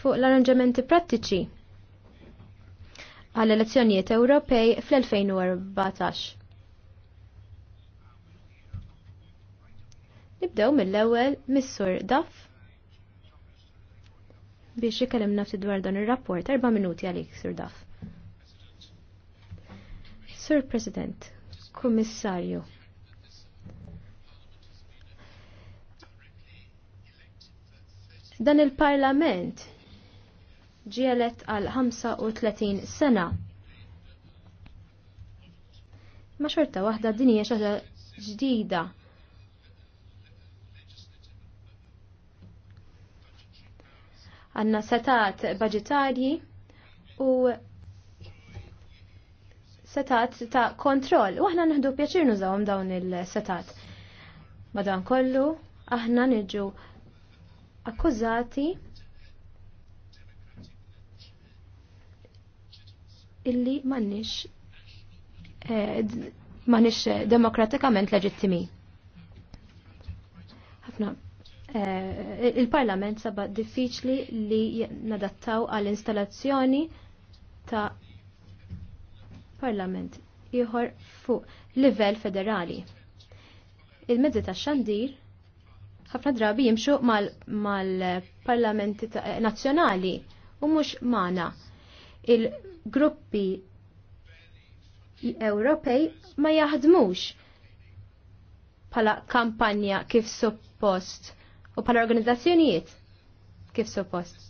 fuq l-arranġamenti prattiċi għall elezzjonijiet Ewropej fl-2014. Nibdew mill-ewwel Missur sur Daf biex jikellem nafsi dwar dan ir-rapport. Erba' minuti għalik, Sur Daf. Sur President, Kummissarju. Dan il-Parlament ġielet għal 35 sena. Ma xorta waħda din hija xaġa ġdida. Għanna setat budgetarji u setat ta' kontroll. U aħna nħdu pjaċir nużawhom dawn il-setat. Madan kollu, aħna niġu akkużati illi mannix eh, mannix demokratikament leġittimi. Ħafna eh, il-Parlament sabba diffiċli li nadattaw għall-installazzjoni ta' Parlament ieħor fuq livell federali. Il-mezzi ta' xandir ħafna drabi jimxu mal-parlamenti eh, nazzjonali u mhux mana il-gruppi Ewropej ma jaħdmux pala kampanja kif suppost u pala organizzazzjonijiet kif suppost.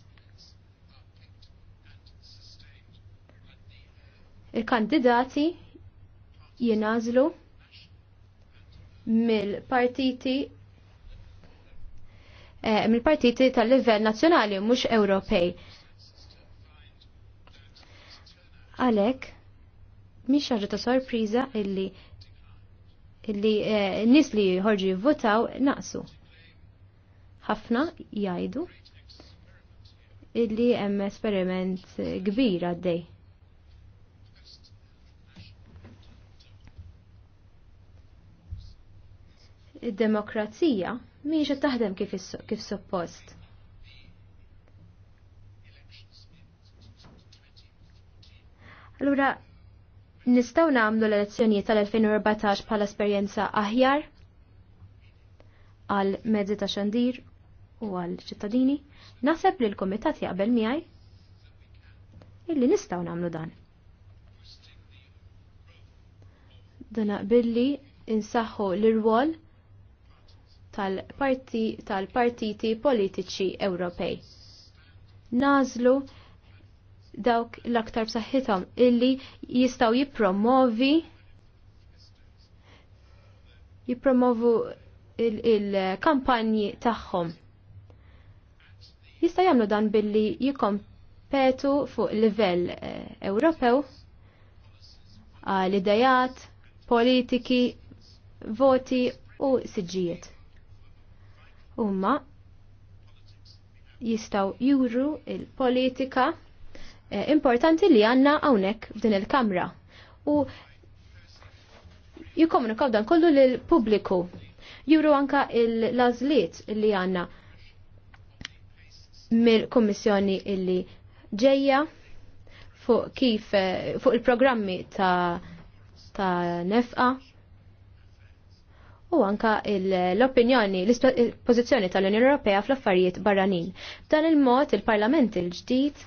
Il-kandidati jinażlu mill-partiti eh, mill-partiti tal-livell nazzjonali mhux Ewropej Għalek, mish ħaġa ta' sorpriża illi illi eh, nis li ħorġu jivvotaw naqsu. Ħafna jgħidu illi hemm esperiment kbir għaddej. Id-demokrazija qed taħdem kif suppost. Allura, nistaw namlu l elezzjoni tal-2014 bħala esperjenza aħjar għal mezzi ta' xandir u għal ċittadini, naħseb li l-komitat jaqbel miħaj illi nistaw namlu dan. Dan billi insaħħu l-rwol tal-partiti tal politiċi Ewropej. Nażlu dawk l-aktar b'saħħithom illi jistaw jippromovi jippromovu il-kampanji il tagħhom. Jista' jagħmlu dan billi jikompetu fuq livell eh, Ewropew għal idejat, politiki, voti u siġijiet. Huma jistaw juru il-politika il politika Eh, importanti li għanna hawnhekk f'din il-kamra. U jikomunikaw dan kollu l pubbliku Juru anka l-azliet li għanna mill-kommissjoni illi ġejja fuq kif eh, fuq il-programmi ta' ta' nefqa u anka l-opinjoni, l-pozizjoni tal-Unjoni Ewropea fl-affarijiet barranin. Dan il-mod il-Parlament il-ġdid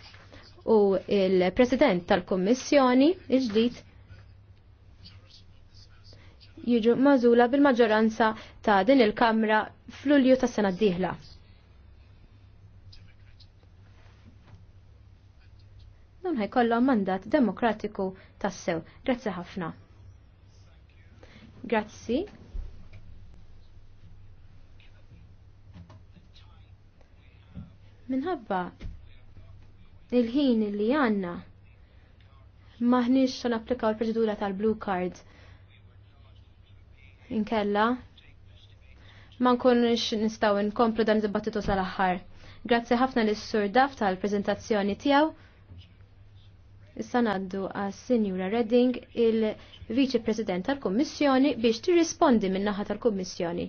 u il-President tal-Kommissjoni il-ġdid jiġu mażula bil-maġġoranza ta' din il-Kamra fl-Ulju ta' sena d-dieħla. Nun ħajkollhom mandat demokratiku tassew. Grazzi ħafna. Grazzi. Minħabba il-ħin li għanna maħniex xan applikaw il-proċedura tal-blue card. Inkella, ma nkunx nistaw nkomplu dan dibattitu sal-aħħar. Grazzi ħafna l sur Daf tal-prezentazzjoni tiegħu. Issa ngħaddu għas Sinjura Redding, il-Viċi President tal-Kummissjoni biex tirrispondi min-naħa tal-Kummissjoni.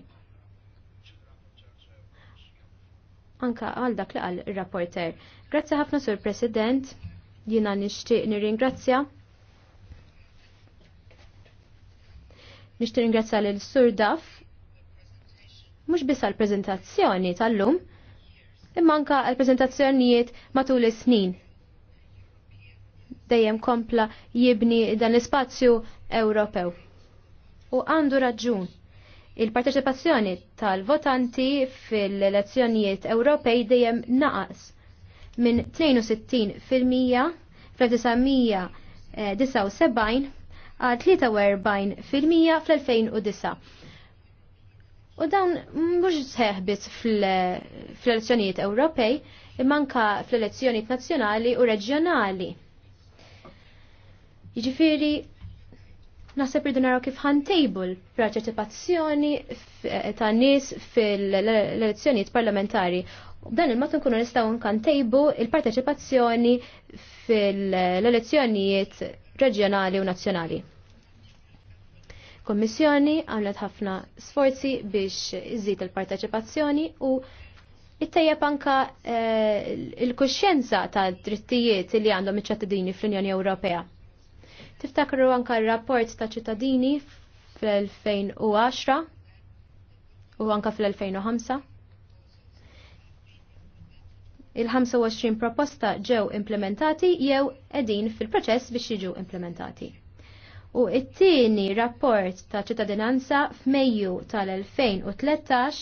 anka għal dak li għal il-rapporter. Grazzi ħafna sur President, jina nishtiq nirringrazzja. Nishtiq ringrazzja l sur Daf, mux bis għal prezentazzjoni tal-lum, imma anka għal prezentazzjonijiet matul is-snin. Dejjem kompla jibni dan l-spazju Ewropew. U għandu raġun Il-parteċipazzjoni tal-votanti fil-elezzjonijiet Ewropej dejjem naqas minn 62% fl-1979 eh, għal 43% fl-2009. U dan mhux seħbit fl-elezzjonijiet Ewropej, manka fl-elezzjonijiet nazzjonali u reġjonali. Jiġifieri Naħseb irdu naraw kif ħantejbul parteċipazzjoni eh, ta' nies fil-elezzjonijiet parlamentari. Dan il-mod nkunu nistgħu nkantejbu il-parteċipazzjoni fil-elezzjonijiet reġjonali u nazzjonali. Kommissjoni għamlet ħafna sforzi biex iżid il-parteċipazzjoni u it-tejjeb anka eh, il-kuxjenza ta' drittijiet li għandhom iċ-ċattadini fl-Unjoni Ewropea. Tiftakru anka r-rapport ta' ċittadini fl-2010 u anka fl-2005. Il-25 proposta ġew implementati jew edin fil-proċess biex jiġu implementati. U it-tieni rapport ta' ċittadinanza f'Mejju tal-2013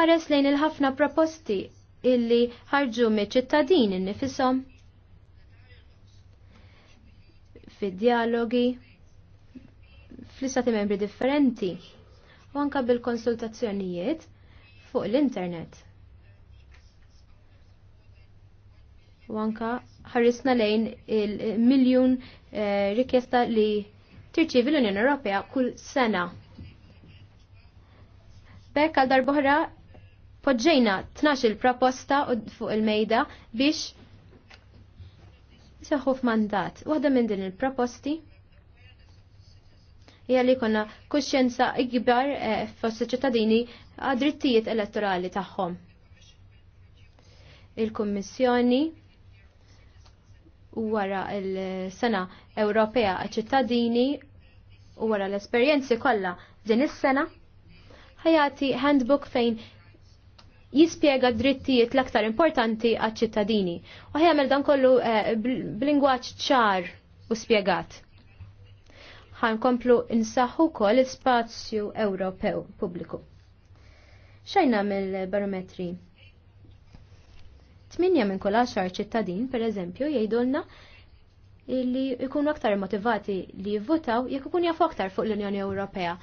ħares lejn il-ħafna proposti illi ħarġu mi ċittadini nifisom. fid-dialogi fl-istati membri differenti u anka bil-konsultazzjonijiet fuq l-internet. U anka ħarrisna lejn il-miljun eh, rikjesta li tirċivi l-Unjoni Ewropea kull sena. Bekk għal darbohra poġġejna 12 proposta fuq il-mejda biex saħħu f'mandat. Waħda minn din il-proposti hija li konna kuxjenza ikbar eh, fost ċittadini għad-drittijiet elettorali tagħhom. Il-Kummissjoni wara l-sena Ewropea ċittadini u wara l-esperjenzi kollha din is-sena ħajati handbook fejn jispjega drittijiet l-aktar importanti għal-ċittadini. U ħajamel dan kollu eh, b'lingwaġġ ċar u spjegat. komplu insaħħu kol spazju Ewropew pubbliku. Xajna mill-barometri? 8 minn kol 10 ċittadin, per eżempju, jgħidulna li jkunu aktar motivati li jivvotaw jekk ikun jafu aktar fuq l-Unjoni Ewropea.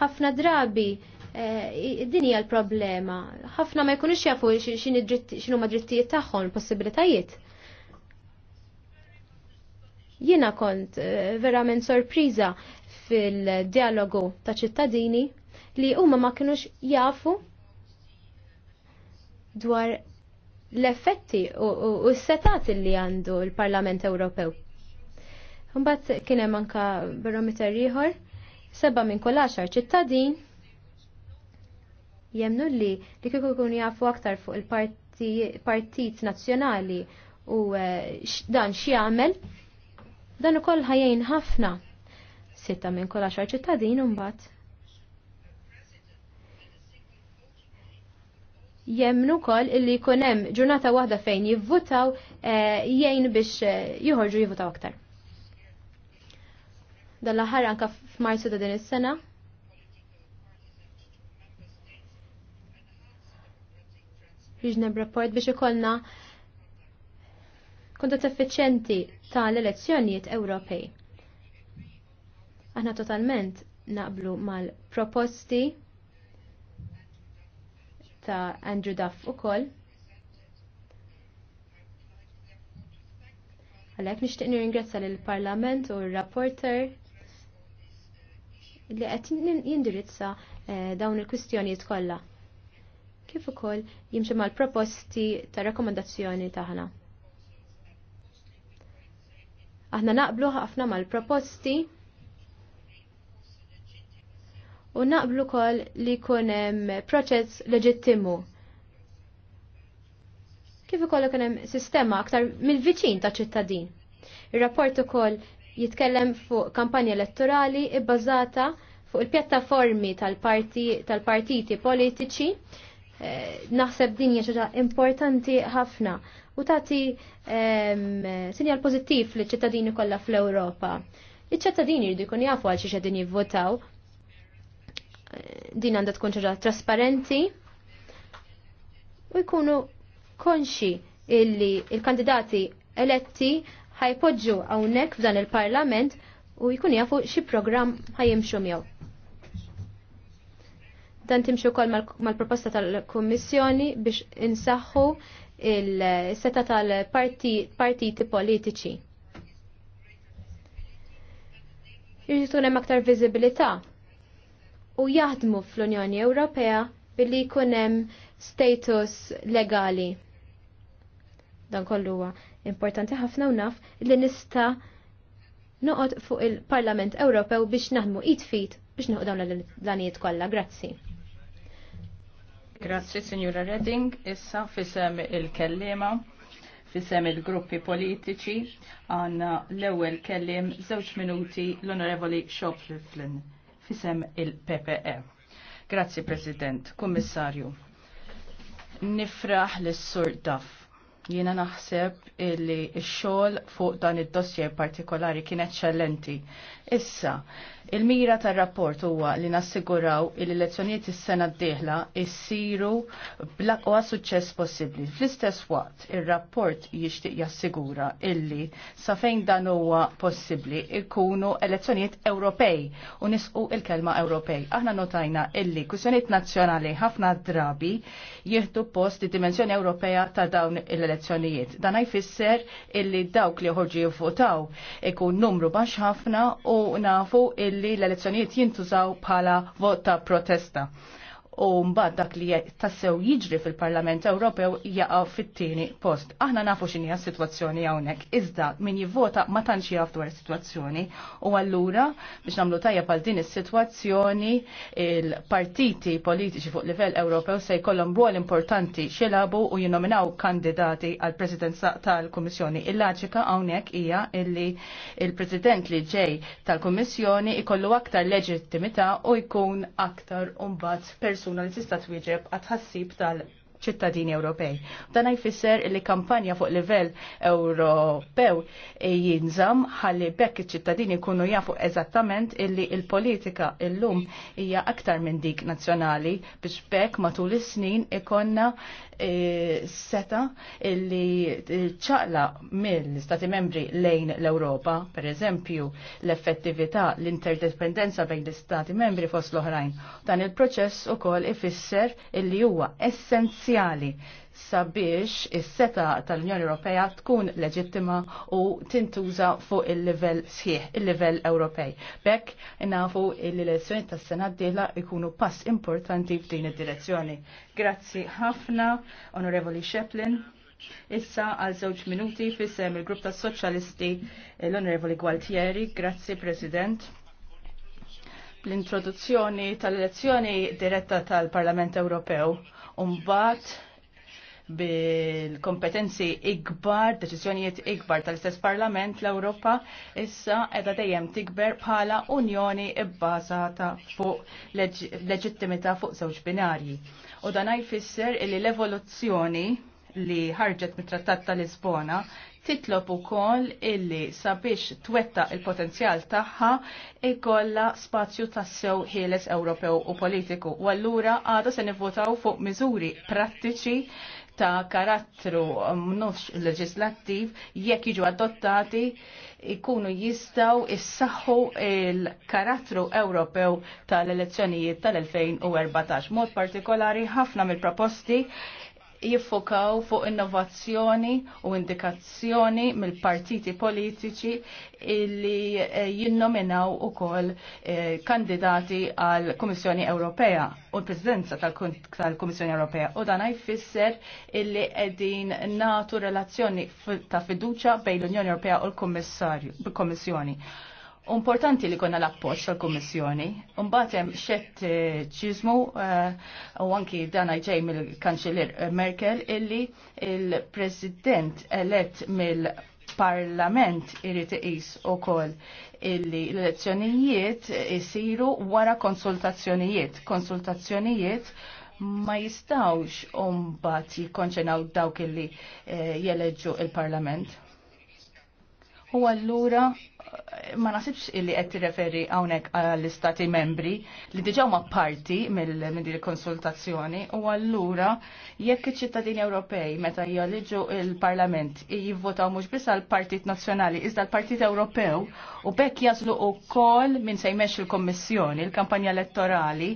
Ħafna drabi Eh, din hija l-problema. Ħafna ma jkunux jafu xinu ma drittijiet tagħhom, possibilitajiet. Jiena kont eh, verament sorpriża fil-dialogu ta' ċittadini li huma ma kinux jafu dwar l-effetti u s-setat li għandu l-Parlament Ewropew. Mbagħad kien hemm anke barometer ieħor seba' minn kull għaxar ċittadin jemnu li li kieku kun jafu aktar fuq il-partit nazzjonali u eh, dan għamel, dan ukoll ħajjin ħafna. Sitta minn kolla għaxar ċittadin imbagħad. Jemnu kol illi jkun hemm ġurnata waħda fejn jivvutaw eh, jgħin biex eh, joħorġu jivvutaw aktar. Dan l-aħħar anka f'Marzu ta' din is-sena Reasonable Report biex ikollna kontat effiċjenti tal-elezzjonijiet Ewropej. Aħna totalment naqblu mal-proposti ta' Andrew Duff ukoll. Għalhekk nixtieq nirringrazzja lill parlament u r-rapporter li qed jindirizza eh, dawn il-kwistjonijiet kollha kif ukoll jimxi mal-proposti ta' rakkomandazzjoni taħna. Aħna naqblu ħafna mal-proposti u naqblu kol li kunem proċess leġittimu. Kif ukoll ikun hemm sistema aktar mill-viċin ta' ċittadin. Ir-rapport ukoll jitkellem fuq kampanja elettorali ibbażata fuq il-pjattaformi tal-partiti tal politiċi Eh, naħseb din hija importanti ħafna u tagħti ehm, sinjal pożittiv li ċittadini kollha fl-Ewropa. Iċ-ċittadini jridu jkun jafu għal xi xedin jivvotaw. Eh, din għandha tkun ġoġa trasparenti u jkunu konxi illi il-kandidati eletti ħajpoġġu hawnhekk f'dan il-Parlament u jkun jafu xi programm ħajimxu miegħu. Dan timxu kol mal-proposta tal-Kommissjoni biex insaħħu il-seta tal-partiti politiċi. Irritu hemm aktar viżibilità u jaħdmu fl-Unjoni Ewropea billi jkun hemm status legali. Dan kollu huwa importanti ħafna u naf li nista noqgħod fuq il-Parlament Ewropew biex naħdmu it-fit biex naħu dawn l anijiet kollha. Grazzi. Grazzi, Signora Redding. Issa fisem il-kellima, fisem il-gruppi politiċi, għanna l-ewel kellim zewċ minuti l-Onorevoli Liflin, fisem il-PPE. Grazzi, President, Kommissarju. Nifraħ l-sur Duff jiena naħseb illi x-xogħol fuq dan id-dossier partikolari kien eċċellenti. Issa, Il-mira tar-rapport huwa li nassiguraw il elezzjonijiet is-sena d-dieħla issiru bl-aqwa suċċess possibbli. Fl-istess waqt, ir-rapport jixtieq jassigura illi sa fejn dan huwa possibbli ikunu elezzjonijiet Ewropej u nisqu il-kelma Ewropej. Aħna notajna illi kwistjonijiet nazzjonali ħafna drabi jieħdu post di dimensjoni Ewropea ta' dawn l-elezzjonijiet. Dan jfisser illi dawk li ħorġu jivvotaw ikun numru baxx ħafna u nafu il- li l-elezzjonijiet jintużaw bħala vot ta' protesta u mbagħad dak li tassew jiġri fil-Parlament Ewropew jaqgħu fit-tieni post. Aħna nafu x'inhi s-sitwazzjoni hawnhekk, iżda min jivvota ma tantx jaf dwar is-sitwazzjoni u allura biex nagħmlu tajja għal din is-sitwazzjoni il-partiti politiċi fuq livell Ewropew se jkollhom rwol importanti xilabu u jinnominaw kandidati għal presidenza tal-Kummissjoni. Il-laġika hawnhekk hija illi il-President li ġej tal-Kummissjoni ikollu aktar leġittimità u jkun aktar umbat persuna persuna li tista' twieġeb għat ħassib tal ċittadini Ewropej. Dan jfisser li kampanja fuq livell Ewropew jinżam ħalli bekk iċ-ċittadini kunu jafu eżattament illi il-politika illum hija aktar minn dik nazzjonali biex bekk matul is-snin ikonna e, seta illi ċaqla mill-Stati membri lejn l-Ewropa, per eżempju, l-effettività, l-interdependenza bejn l-Stati membri fost l-oħrajn. Dan il-proċess ukoll ifisser illi huwa essenz essenzjali sabiex is-seta tal-Unjoni Ewropea tkun leġittima u tintuża fuq il-livell sħiħ, il-livell Ewropej. Bekk nafu l-elezzjoni tas-sena d-dieħla jkunu pass importanti f'din id-direzzjoni. Grazzi ħafna, Onorevoli Sheplin. Issa għal żewġ minuti fissem il-grupp tas-Soċjalisti l-Onorevoli Gualtieri. Grazzi, President l-introduzzjoni tal-elezzjoni diretta tal-Parlament Ewropew umbat bil-kompetenzi ikbar, deċizjonijiet ikbar tal-istess Parlament l-Ewropa issa edha dejjem tikber bħala unjoni ibbażata fuq leġittimità fuq żewġ binarji. U dan jfisser li l-evoluzzjoni li ħarġet mit-trattat tal Lisbona titlob ukoll illi sabiex twetta il-potenzjal tagħha ikolla spazju tassew ħieles Ewropew u politiku. U allura għada se nivvotaw fuq miżuri prattiċi ta' karattru mnux um, leġislattiv jekk jiġu adottati ikunu jistaw issaħħu il-karattru Ewropew tal-elezzjonijiet tal-2014. Mod partikolari ħafna mill-proposti jiffokaw fuq innovazzjoni u indikazzjoni mill-partiti politiċi illi eh, jinnominaw u kol eh, kandidati għal Komissjoni Ewropea u l-Presidenza tal-Komissjoni Ewropea u dan jfisser illi edin natu relazzjoni ta' fiduċa bejn l-Unjoni Ewropea u l-Komissjoni importanti li konna l-appoċ tal-Kommissjoni. Umbat xett ċizmu eh, u anki dan ġej mill-Kanċellier Merkel illi il-President elett mill parlament irrit iqis ukoll illi l-elezzjonijiet isiru wara konsultazzjonijiet. Konsultazzjonijiet ma jistawx umbat jikkonċenaw dawk illi eh, jeleġġu il-Parlament U allura ma nasibx illi qed tirreferi hawnhekk għall-istati membri li diġà ma parti mill minn din il-konsultazzjoni u allura jekk iċ-ċittadini Ewropej meta jaliġu il-Parlament jivvotaw mhux biss għall-Partit Nazzjonali iżda l-Partit Ewropew u bekk jażlu wkoll minn se il-Kommissjoni il-kampanja elettorali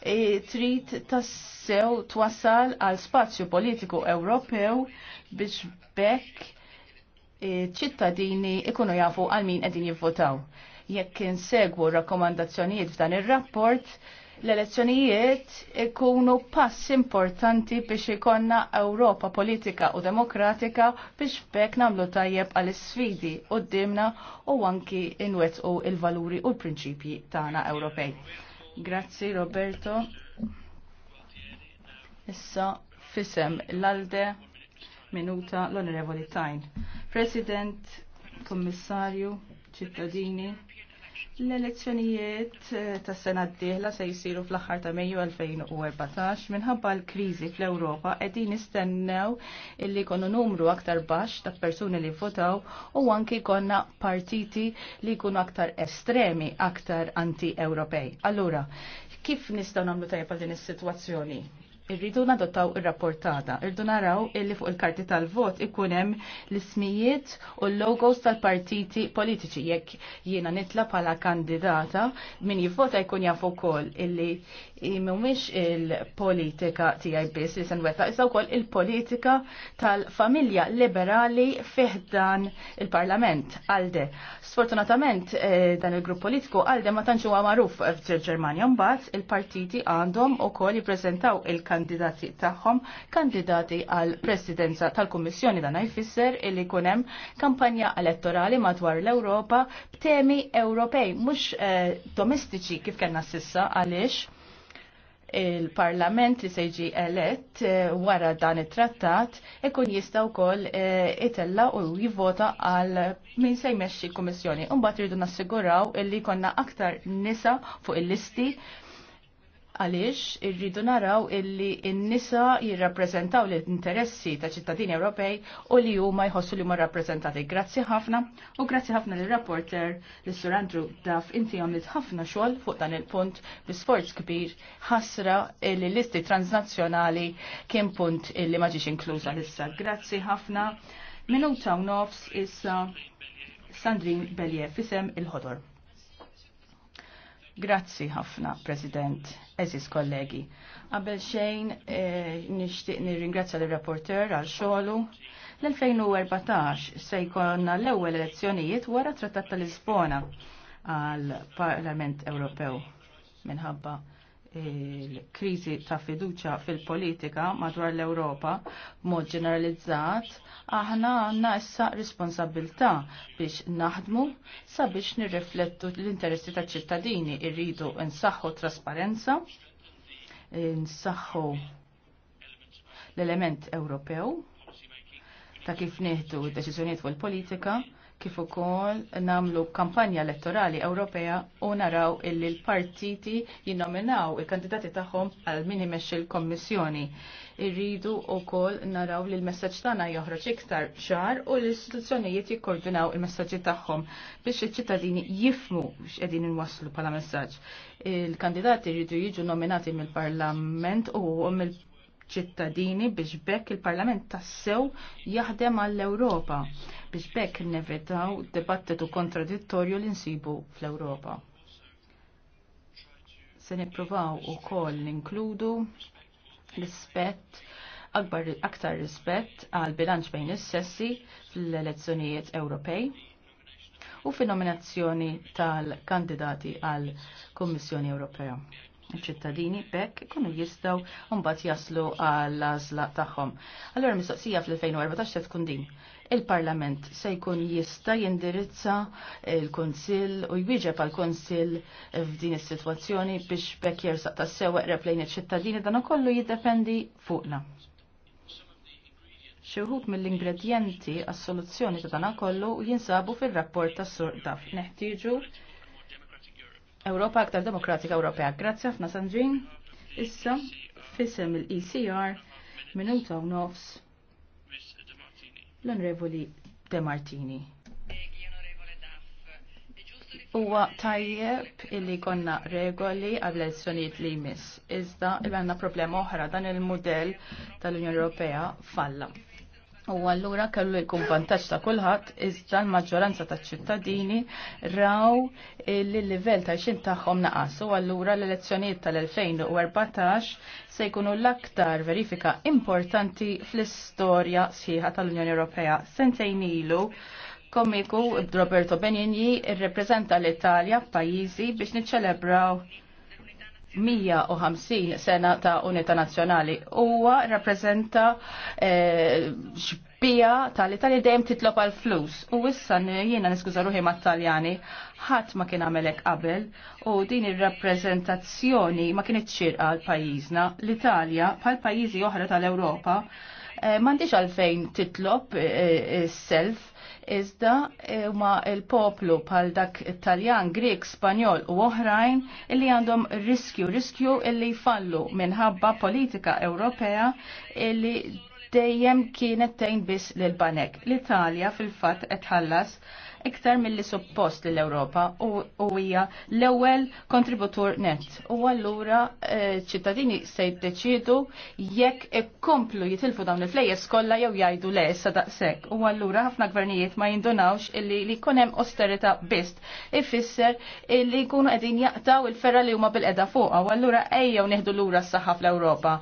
e, trid tassew twassal għal spazju politiku Ewropew biex bekk ċittadini ikunu jafu għal min qegħdin jivvotaw. Jekk insegwu rakkomandazzjonijiet f'dan ir-rapport, l-elezzjonijiet ikunu pass importanti biex ikonna Ewropa politika u demokratika biex bekk namlu tajjeb għal sfidi u dimna u anki inwetqu il-valuri u l-prinċipji tagħna Ewropej. Grazzi Roberto. Issa fisem l-alde minuta l-Onorevoli Tajn. President, Kommissarju, ċittadini, l-elezzjonijiet eh, tas sena d-dieħla se jisiru fl-aħħar ta' Mejju 2014 minħabba l-kriżi fl-Ewropa qegħdin nistennew illi konu numru aktar baxx ta' persuni li votaw u anki jkollna partiti li jkunu aktar estremi, aktar anti-Ewropej. Allura, kif nistgħu nagħmlu tajjeb din is-sitwazzjoni? Irridu nadottaw ir-rapportata. Irridu naraw illi fuq il-karti tal-vot ikun hemm l-ismijiet u l-logos tal-partiti politiċi jekk jiena nitla bħala kandidata min jivvota jkun jaf ukoll illi mhumiex il-politika tiegħi biss li se nwettaq issa wkoll il-politika tal-familja liberali fih dan il-Parlament għalde. Sfortunatament eh, dan il-grupp politiku għalde ma tantx huwa magħruf f'Ġermanja mbagħad il-partiti għandhom ukoll jippreżentaw il-kandidat kandidati tagħhom kandidati għal presidenza tal-Kummissjoni dan jfisser illi jkun hemm kampanja elettorali madwar l-Ewropa b'temi Ewropej mhux eh, domestiċi kif kellna sissa għaliex il-parlament li se jiġi elett eh, wara dan it-trattat ikun jista' wkoll eh, itella u jivvota għal min se jmexxi l-Kummissjoni. Imbagħad rridu nassiguraw illi konna aktar nisa fuq il-listi għaliex irridu naraw illi n-nisa jirrappreżentaw l-interessi ta' ċittadini Ewropej u li huma jħossu li huma rappreżentati. Grazzi ħafna u grazzi ħafna lir rapporter l sur Andrew Duff inti għamlet ħafna xogħol fuq dan il-punt bi sforz kbir ħasra li listi transnazzjonali kien punt illi ma ġiex inkluża issa. Grazzi ħafna. Minuta u nofs issa Sandrin Belje fisem il-ħodor. Grazzi ħafna, President, eżis kollegi. Qabel xejn eh, nixtieq nirringrazzja l-rapporter għal xogħlu. L-2014 se jkollna l-ewwel elezzjonijiet wara Trattat tal-Lisbona għal Parlament Ewropew minħabba il-krizi ta' fiduċa fil-politika madwar l-Europa mod ġeneralizzat, aħna għanna issa responsabilta biex naħdmu sabiex nirriflettu l-interessi ta' ċittadini irridu nsaħħu trasparenza, nsaħħu l-element Ewropew ta' kif nieħdu d-deċiżjonijiet fuq il-politika, kif ukoll namlu kampanja elettorali Ewropea u naraw illi l-partiti jinnominaw il-kandidati tagħhom għal min imex il-Kommissjoni. Irridu wkoll naraw li l-messaġġ tagħna joħroġ iktar ċar u l-istituzzjonijiet jikkoordinaw il-messaġġi tagħhom biex iċ-ċittadini jifmu x'qegħdin inwasslu bħala messaġġ. Il-kandidati jridu jiġu nominati mill-Parlament u mill ċittadini biex bekk il-Parlament tassew jaħdem għall-Ewropa biex bekk nevetaw dibattitu kontradittorju li nsibu fl-Ewropa. Se nippruvaw u koll ninkludu rispett akbar aktar rispett għal bilanċ bejn is-sessi fl-elezzjonijiet Ewropej u fin-nominazzjoni tal-kandidati għal Kummissjoni Ewropea ċittadini bekk ikunu jistaw mbagħad jaslu għall għażla tagħhom. Allura mistoqsija fl-2014 se tkun din. Il-Parlament se jkun jista' jindirizza il-Kunsill u jwieġeb għal kunsill f'din is-sitwazzjoni biex bekk jersaq tassew eqreb lejn iċ-ċittadini dan ukollu jiddependi fuqna. Xi wħud mill-ingredjenti għas-soluzzjoni ta' dan kollu jinsabu fir-rapport tas-sur Neħtieġu Ewropa aktar demokratika Ewropea. Grazie, Fna Sandrin. Issa fissem il-ECR minuta u nofs l onrevoli De Martini. Huwa tajjeb illi konna regoli għall elezzjonijiet li jmiss. Iżda il-għanna problema oħra dan il-modell tal-Unjoni Ewropea falla. U allura kellu jkun vantaġġ ta' kulħadd iżda l-maġġoranza taċ ċittadini raw li l-livell ta' xin tagħhom naqas. U allura l-elezzjonijiet tal-2014 se jkunu l-aktar verifika importanti fl-istorja sħiħa tal-Unjoni Ewropea. Sentejn ilu komiku Roberto Benigni rrepreżenta l-Italja f'pajjiżi biex niċċelebraw 150 sena ta' Unità Nazzjonali. Huwa rappreżenta ġbija eh, tal-Italja dejjem titlob għal flus. U issa jiena niskuża ruħi mat-Taljani, ħadd ma kien għamelek qabel u din ir-rappreżentazzjoni ma kienet xirqa għal pajjiżna. L-Italja bħal pajjiżi oħra tal-Ewropa eh, m'għandix għalfejn titlob is-self eh, eh iżda eh, huma l-poplu pal dak Taljan, Grek, Spanjol u oħrajn illi għandhom riskju, riskju illi jfallu minħabba politika Ewropea illi dejjem kienet tejn biss l banek L-Italja fil-fatt etħallas ħallas iktar mill-li suppost l europa u hija l-ewwel kontributur net. U allura eh, ċittadini se jiddeċidu jekk ikkomplu jitilfu dawn il-flejjes kollha jew jgħidu le issa daqshekk. U allura ħafna gvernijiet ma jindunawx illi li jkun hemm osterità biss ifisser illi jkunu qegħdin jaqtaw il-ferra li huma bil-qeda fuqha u allura ejjew neħdu lura s-saħħa fl-Ewropa.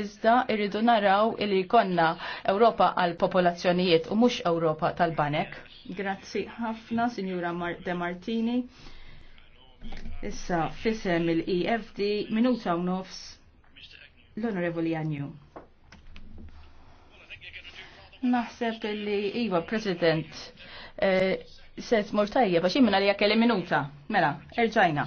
Iżda irridu naraw illi konna Ewropa għal popolazzjonijiet u mhux Ewropa tal-banek. Grazzi ħafna, Signora De Martini. Issa fisem il-EFD minuta u nofs l-Onorevoli Anju. Naħseb li Iva, President, eh, se tmur baxi minna li jakkeli minuta. Mela, erġajna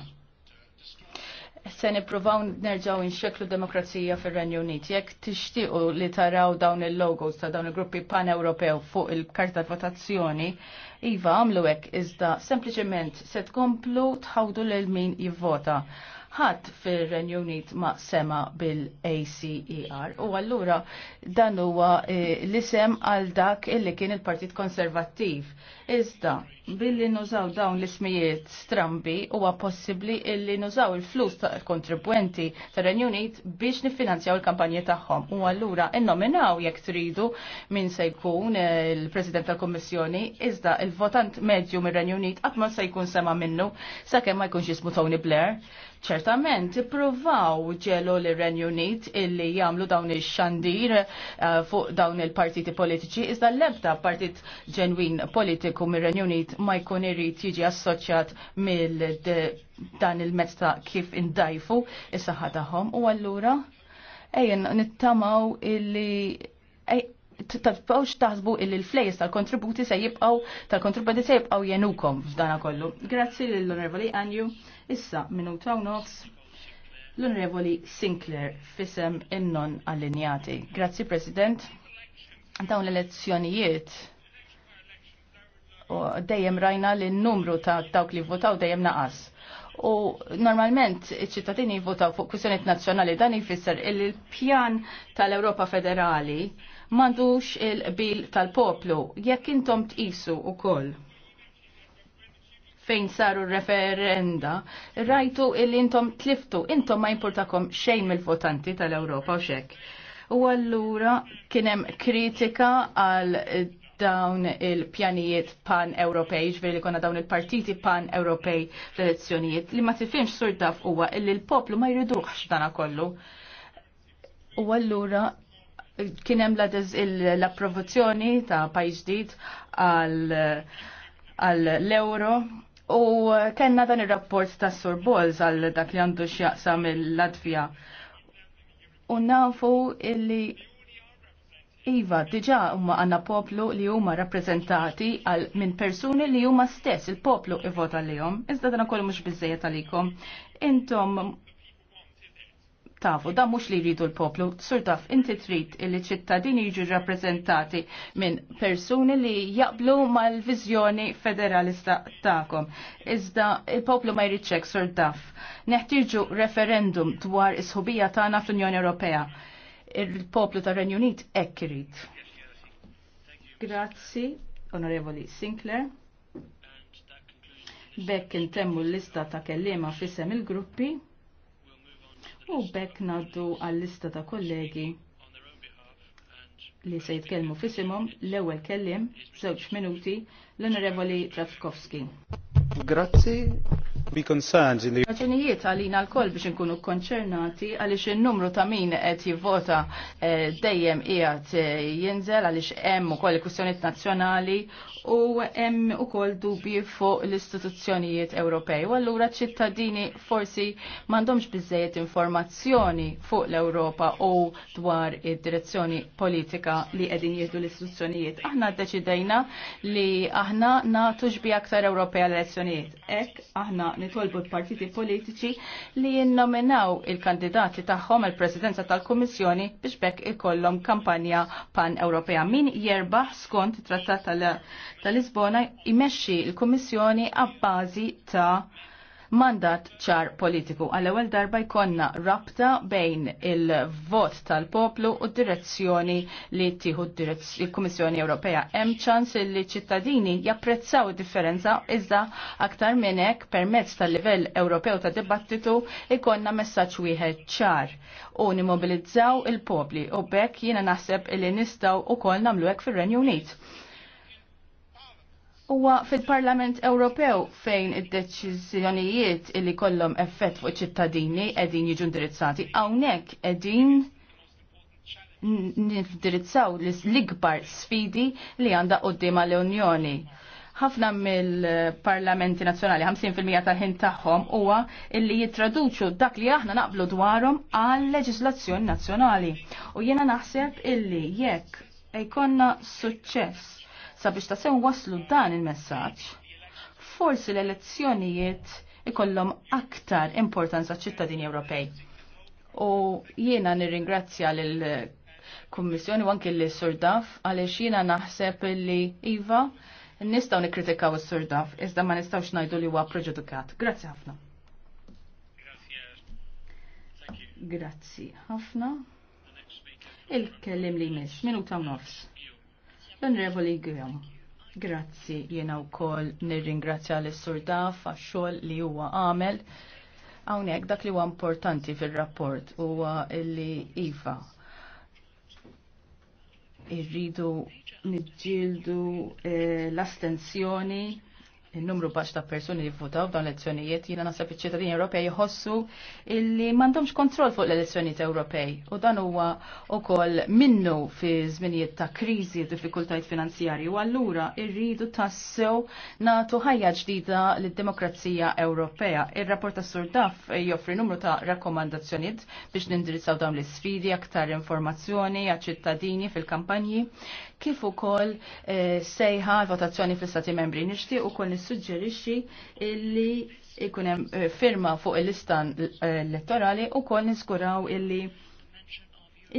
se nippruvaw nerġgħu inxeklu demokrazija fir-Renju Unit. Jekk tixtiequ li taraw dawn il-logos ta' dawn il-gruppi pan-Ewropew fuq il-karta votazzjoni, iva għamlu hekk iżda sempliċement se tkomplu tħawdu lil min jivvota ħadd fir-Renju Unit ma sema bil-ACER u allura dan huwa eh, l-isem għal dak illi kien il-Partit Konservattiv. Iżda billi nużaw dawn l-ismijiet strambi huwa possibbli illi nużaw il-flus tal-kontribwenti tar-Renju Unit biex niffinanzjaw il-kampanji tagħhom u allura innominaw jekk tridu min se jkun eh, il-President tal-Kommissjoni, iżda il-votant medju mir renju Unit qatt ma se jkun sema minnu sakemm ma jkunx jismu Tony Blair ċertament ippruvaw ġelu li renju Unit illi jagħmlu dawn ix-xandir eh, fuq dawn il-partiti politiċi iżda l-ebda partit ġenwin politiku mir-Renju Unit ma jkun irid jiġi assoċjat mill dan il-mezz ta' kif indajfu is-saħħa tagħhom u allura ejjen nittamaw illi tafbawx taħsbu illi l-flejs tal-kontributi se jibqaw, tal-kontributi se jibqaw jenukom f'dana kollu. Grazzi l-onorevoli Anju. Issa minuta u nofs l-Onorevoli Sinclair fissem in-non allinjati. Grazzi President. Dawn l-elezzjonijiet dejjem rajna li n-numru ta' dawk li votaw dejjem naqas. U normalment iċ-ċittadini jivvotaw fuq kwistjoniet nazzjonali dan jfisser il pjan tal-Ewropa Federali mandux il-bil tal-poplu jekk intom tqisu ukoll fejn saru referenda, rajtu il-intom tliftu, intom ma importakom xejn mill-votanti tal-Europa u xek. U allura kienem kritika għal dawn il-pjanijiet pan-Ewropej, ġveri li konna dawn il-partiti pan-Ewropej l elezzjonijiet li ma tifimx surdaf huwa illi l-poplu ma jridux dana kollu. U allura kienem l-approvazzjoni ta' pajġdid għal l-euro U kenna dan il-rapport ta' Sur Bolz għal dak li għandu x'jaqsam il-Latvija. U nafu illi Iva, diġa huma għanna poplu li huma rappresentati għal minn persuni li huma stess il-poplu ivota lihom. Iżda dana kollu mhux biżejjed għalikom. Intom tafu, da mux li jridu l-poplu. Surtaf, inti trid illi ċittadini jiġu rappresentati minn persuni li jaqblu mal-vizjoni federalista ta'kom. Iżda il-poplu ma jridxek, surtaf. Neħtiġu referendum dwar is-ħubija tagħna fl-Unjoni Ewropea. Il-poplu tar renju Unit hekk irid. Grazzi, onorevoli Sinclair. Bekk intemmu l-lista ta' kellima fissem il-gruppi. U bekk naddu għall-lista ta' kollegi li se jitkellmu fisimhom l-ewwel kellim żewġ minuti l-Onorevoli Trafkowski. Grazzi, be concerned in the Raġunijiet għalina l-koll biex nkunu konċernati għaliex il-numru ta' min qed jivvota eh, dejjem qiegħed eh, jinżel għaliex hemm ukoll kwistjonijiet nazzjonali u hemm ukoll dubji fuq l-istituzzjonijiet Ewropej. U allura ċittadini forsi m'għandhomx biżejjed informazzjoni fuq l-Ewropa u dwar id-direzzjoni politika li qegħdin jieħdu l-istituzzjonijiet. Aħna ddeċidejna li aħna nagħtu bi aktar Ewropej għall-elezzjonijiet. Ek aħna nitolbu l-partiti politiċi li jinnominaw il-kandidati tagħhom il-presidenza tal-Kummissjoni biex bekk ikollhom kampanja pan-Ewropea. Min jerbaħ skont it-Trattat tal-Lisbona imexxi l-Kummissjoni għabbażi ta' mandat ċar politiku. Għall-ewwel darba jkollna rabta bejn il-vot tal-poplu u d-direzzjoni li tiħu il-Kummissjoni Ewropea. Hemm ċans li ċittadini japprezzaw differenza iżda aktar minn hekk permezz tal-livell Ewropew ta' dibattitu ikonna messaġġ wieħed ċar u nimobilizzaw il-popli u bekk jiena naħseb li nistgħu u nagħmlu hekk fir-Renju Unit huwa fil-Parlament Ewropew fejn id-deċiżjonijiet illi kollom effett fuq ċittadini qegħdin jiġu indirizzati hawnhekk qegħdin nindirizzaw l-ikbar sfidi li għandha qoddima l-Unjoni. Ħafna mill-parlamenti nazzjonali, 50% tal-ħin tagħhom huwa illi jittraduċu dak li aħna naqblu dwarhom għal leġislazzjoni nazzjonali. U jiena naħseb illi jekk jkollna suċċess sabiex ta' sew waslu dan il-messaġġ. Forsi l-elezzjonijiet ikollhom aktar importanza ċittadini Ewropej. U jiena nirringrazzja lil kummissjoni u anke l surdaf għaliex jiena naħseb li Iva nistaw nikritikaw is-surdaf iżda ma nistgħux ngħidu li huwa preġudikat. Grazzi ħafna. Grazzi ħafna. Il-kellim li jmiss, minuta u nofs l-Onorevoli Graham. Grazzi jiena wkoll nirringrazzja l sur Daf għax-xogħol li huwa għamel. Hawnhekk dak li huwa importanti fir-rapport huwa li iva irridu nġildu eh, l-astenzjoni il-numru baċ ta' persuni li votaw dawn l-elezzjonijiet jina nasab iċ-ċittadini Ewropej jħossu illi m'għandhomx kontroll fuq l-elezzjonijiet Ewropej u dan huwa wkoll minnu fi żminijiet ta' kriżi u diffikultajiet finanzjarji u allura irridu tassew nagħtu ħajja ġdida lid-demokrazija Ewropea. Ir-rapport ta' Surdaf joffri numru ta' rakkomandazzjonijiet biex nindirizzaw dawn l-isfidi aktar informazzjoni għaċ-ċittadini fil-kampanji kif ukoll eh, sejħa l-votazzjoni fl-Stati membri. Nixtieq ukoll nissuġġerixxi illi ikun hemm eh, firma fuq il-lista eh, elettorali u niskuraw illi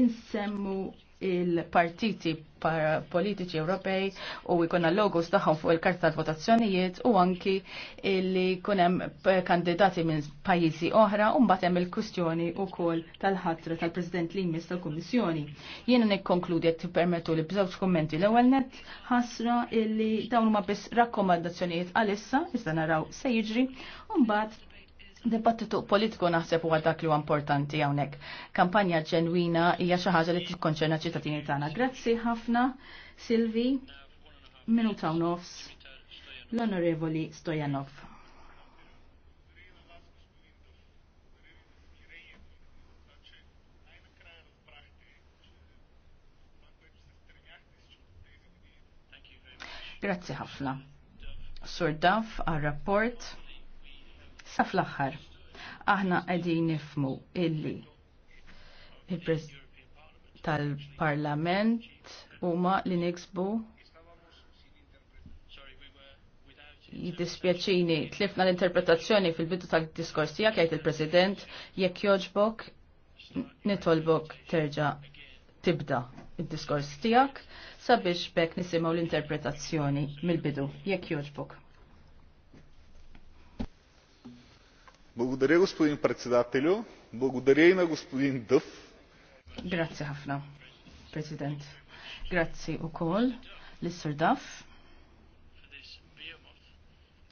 insemmu il-partiti politiċi Ewropej u jkunna logos tagħhom fuq il-karta tal-votazzjonijiet u anki li hemm kandidati minn pajjiżi oħra u mbagħad hemm il-kwistjoni wkoll tal-ħatra tal-President li jmiss tal-Kummissjoni. Jiena nikkonkludi qed tippermettu li bżewġ kummenti l-ewwel nett ħasra illi dawn huma biss rakkomandazzjonijiet għalissa iżda naraw se jiġri u mbagħad Dibattitu politiku naħseb huwa dak li huwa importanti hawnhekk. Kampanja ġenwina hija xi ħaġa li tikkonċerna ċittadini tagħna. Grazzi ħafna, Silvi. Minuta u nofs. L-Onorevoli Stojanov. Grazzi ħafna. Sur Daf għal rapport Sa fl-aħħar, aħna qegħdin nifmu illi il-President tal-Parlament huma li niksbu jiddispjaċini tlifna l-interpretazzjoni fil-bidu tal-diskors tiegħek il-President jekk joġbok nitolbok terġa' tibda id-diskors tiegħek sabiex bekk nisimgħu l-interpretazzjoni mill-bidu jekk joġbok. Благодаря, господин председателю. Благодаря и на господин Дъв. Грация, ħafna, President. Грация, Окол. Лисър Дъв.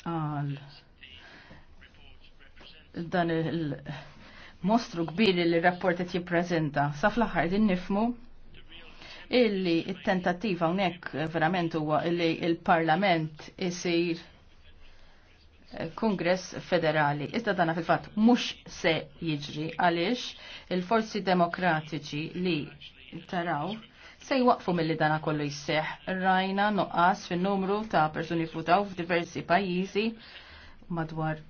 Ал. Duff għal dan il-mostru kbir li rapport qed хайдин Sa fl-aħħar din tentativa verament il-Parlament isir il Kongress Federali. Iżda dana fil-fatt mhux se jiġri għaliex il-forzi demokratiċi li taraw se jwaqfu mill-li dana kollu jisseħ. Rajna noqqas fin numru ta' persuni futaw f'diversi pajjiżi madwar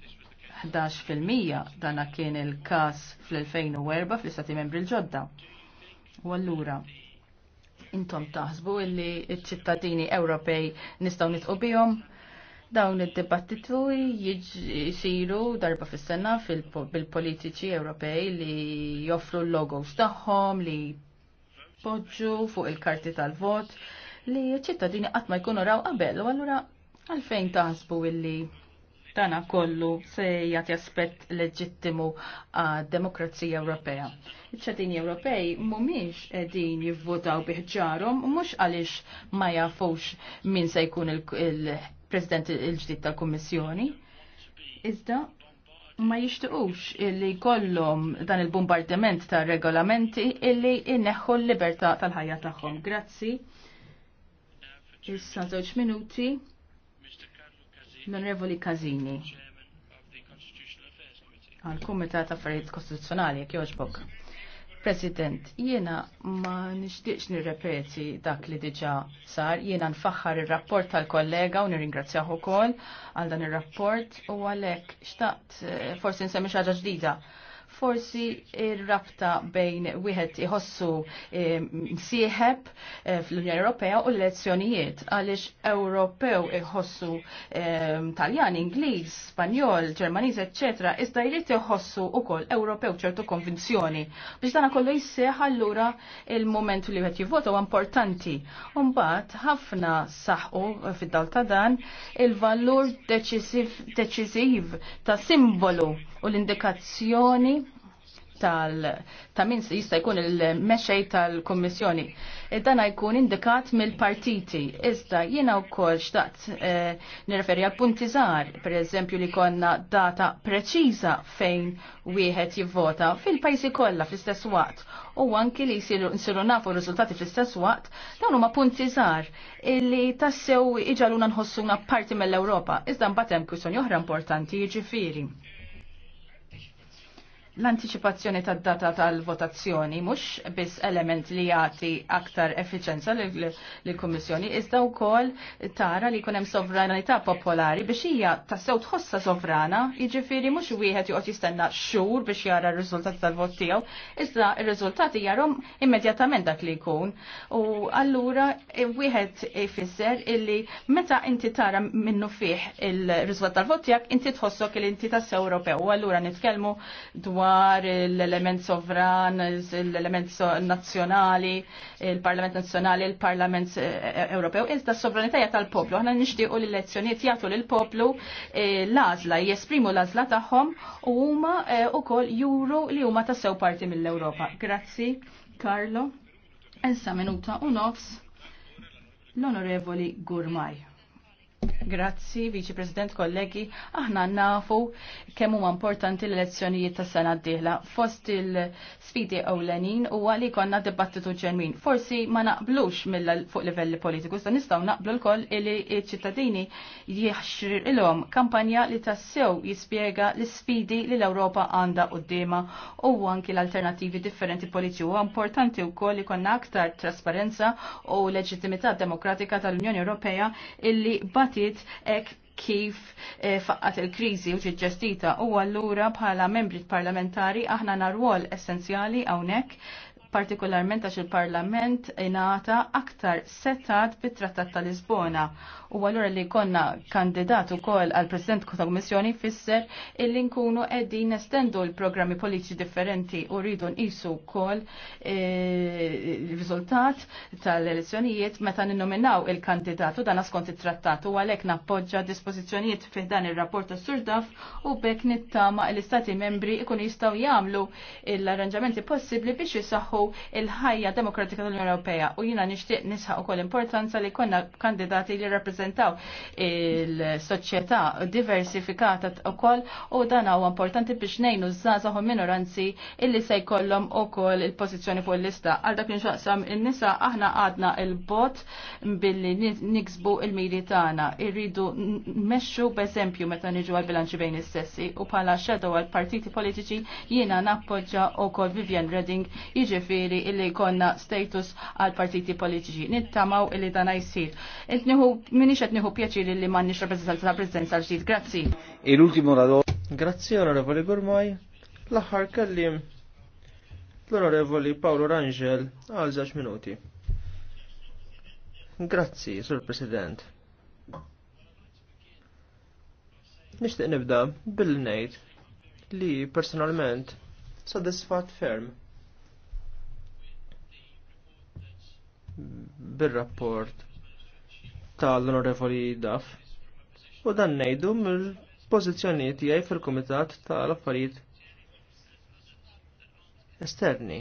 11% dana kien il-kas fl-2004 fl-istati membri l-ġodda. U allura, intom taħsbu illi ċittadini Ewropej nistaw nitqu bihom? Dawn id-dibattitu jisiru darba fis-sena bil-politiċi Ewropej li joffru l-logos tagħhom li poġġu fuq il-karti tal-vot li ċittadini qatt ma jkunu raw qabel u allura għalfejn taħsbu illi dana kollu se jagħti aspett leġittimu għad-demokrazija Ewropea. Iċ-ċadini Ewropej mhumiex qegħdin jivvotaw biħġarhom mhux għaliex ma jafux min se jkun president il-ġdid tal-Kummissjoni. Iżda ma jixtiqux illi kollom dan il-bombardiment ta' regolamenti illi inneħħu l-libertà tal-ħajja tagħhom. Grazzi. Issa żewġ minuti. L-Onorevoli Kazini. Għal-Kumitat Affarijiet Kostituzzjonali, jekk jogħġbok. President, jiena ma nixtieqx nirrepeti dak li diġa sar, jiena nfaħħar ir-rapport tal-kollega u nirringrazzjaħu ukoll għal dan ir-rapport u għalhekk xtaqt eh, forsi nsemmi xi ħaġa ġdida forsi ir-rabta bejn wieħed iħossu eh, msieħeb eh, fl-Unjoni Ewropea u l-elezzjonijiet għaliex Ewropew iħossu eh, Taljan, Ingliż, Spanjol, Ġermaniż, eċetera, iżda jrid iħossu wkoll Ewropew ċertu konvinzjoni. Biex dan kollu jseħ allura il-moment li wieħed jivvota huwa importanti. Mbagħad ħafna saħqu fid-dal ta' dan il-valur deċiżiv ta' simbolu u l-indikazzjoni tal ta' min jista' jkun il-mexej tal-Kommissjoni. E dan jkun indikat mill-partiti. Iżda jiena wkoll xtaqt e, nirreferi għal punti żgħar, pereżempju li konna data preċiża fejn wieħed jivvota fil-pajjiżi kollha fl-istess waqt u anki li jsiru nafu r-riżultati fl-istess waqt, dawn huma punti żgħar illi tassew iġaluna nħossuna parti mill-Ewropa. Iżda mbagħad hemm kwistjoni oħra importanti jiġifieri L-anticipazzjoni tad data tal-votazzjoni mhux biss element li jagħti aktar effiċenza lill-Kummissjoni iżda wkoll tara li jkun hemm sovranità popolari biex hija tassew tħossa sovrana, jiġifieri mhux wieħed joqgħod jistenna xhur biex jara r-riżultati tal-vot tiegħu, iżda r-riżultati jarhom immedjatament dak li jkun. U allura eh, wieħed ifisser illi meta inti tara minnu fih il-riżultat tal-vot tiegħek inti tħossok il inti tassew Ewropew. U allura nitkellmu dwar dwar l-element sovran, l-element nazzjonali, il-Parlament nazzjonali, il-Parlament eh, eh, Ewropew, iżda s-sovranità tal-poplu. Aħna nixtiequ l elezzjoniet jagħtu lill-poplu eh, l-għażla, jesprimu l-għażla tagħhom u huma wkoll juru li huma tassew parti mill-Ewropa. Grazzi, Carlo. Ensa minuta u nofs l-Onorevoli Gurmaj. Grazzi, Viċi President, kollegi. Aħna nafu kemm huma importanti l-elezzjonijiet tas sena d-dieħla. Fost il-sfidi ewlenin u għali konna dibattitu ġenwin. Forsi ma naqblux mill fuq livelli politiku, sta nistgħu naqblu l-koll illi ċittadini il-om kampanja li tassew jispjega l-sfidi li l-Ewropa għandha qudiema u anki l-alternativi differenti politiċi. Huwa importanti wkoll li konna aktar trasparenza u leġittimità demokratika tal-Unjoni Ewropea illi batit Unit ek kif eh, faqqat il-krizi u ġiġġestita u għallura bħala membri parlamentari aħna narwol essenzjali għawnek partikolarment għax il-Parlament ingħata aktar setat bit-Trattat ta' Lisbona. U allura li konna kandidat ukoll għal President ta' Kummissjoni fisser illi nkunu qegħdin nestendu l-programmi politiċi differenti u rridu nqisu wkoll il-riżultat e, tal-elezzjonijiet meta ninnominaw il-kandidat u dan skont it-trattat u għalhekk nappoġġa dispożizzjonijiet fih dan ir-rapport Surdaf u bekk nittama l-Istati membri jkunu jistgħu jagħmlu l-arranġamenti possibbli biex jisaħħu saħħu il-ħajja demokratika tal-Unjoni Ewropea u jiena nixtieq nisħaq ukoll importanza li konna kandidati li rappreżentaw il-soċjetà diversifikata ukoll u dan huwa importanti biex ngħinu żgħażagħ u minoranzi illi se jkollhom ukoll il-pożizzjoni fuq il-lista. Għal dak inxaqsam in-nisa aħna għadna il-bot billi niksbu il-miri tagħna. Irridu nmexxu b'eżempju meta niġu għal-bilanċi bejn is-sessi u bħala xedow għal-partiti politiċi jiena nappoġġa ukoll Vivian Redding jiġifieri ġifiri illi konna status għal partiti politiċi. Nittamaw illi dana jisir. Minix etniħu pjaċiri li m'għandniex rappresentanti ta' prezidenza ġdid. Grazzi. Il-ultimo rado. Grazzi, onorevoli Gurmaj. L-aħħar kellim l-onorevoli Paolo Rangel għal żewġ minuti. Grazzi, Sur President. Nishtiq nibda billi ngħid li personalment sodisfat ferm bir-rapport tal-Onorevoli Daf. U dan ngħidu mill pozizjoni tiegħi fil-Kumitat tal-Affarijiet Esterni.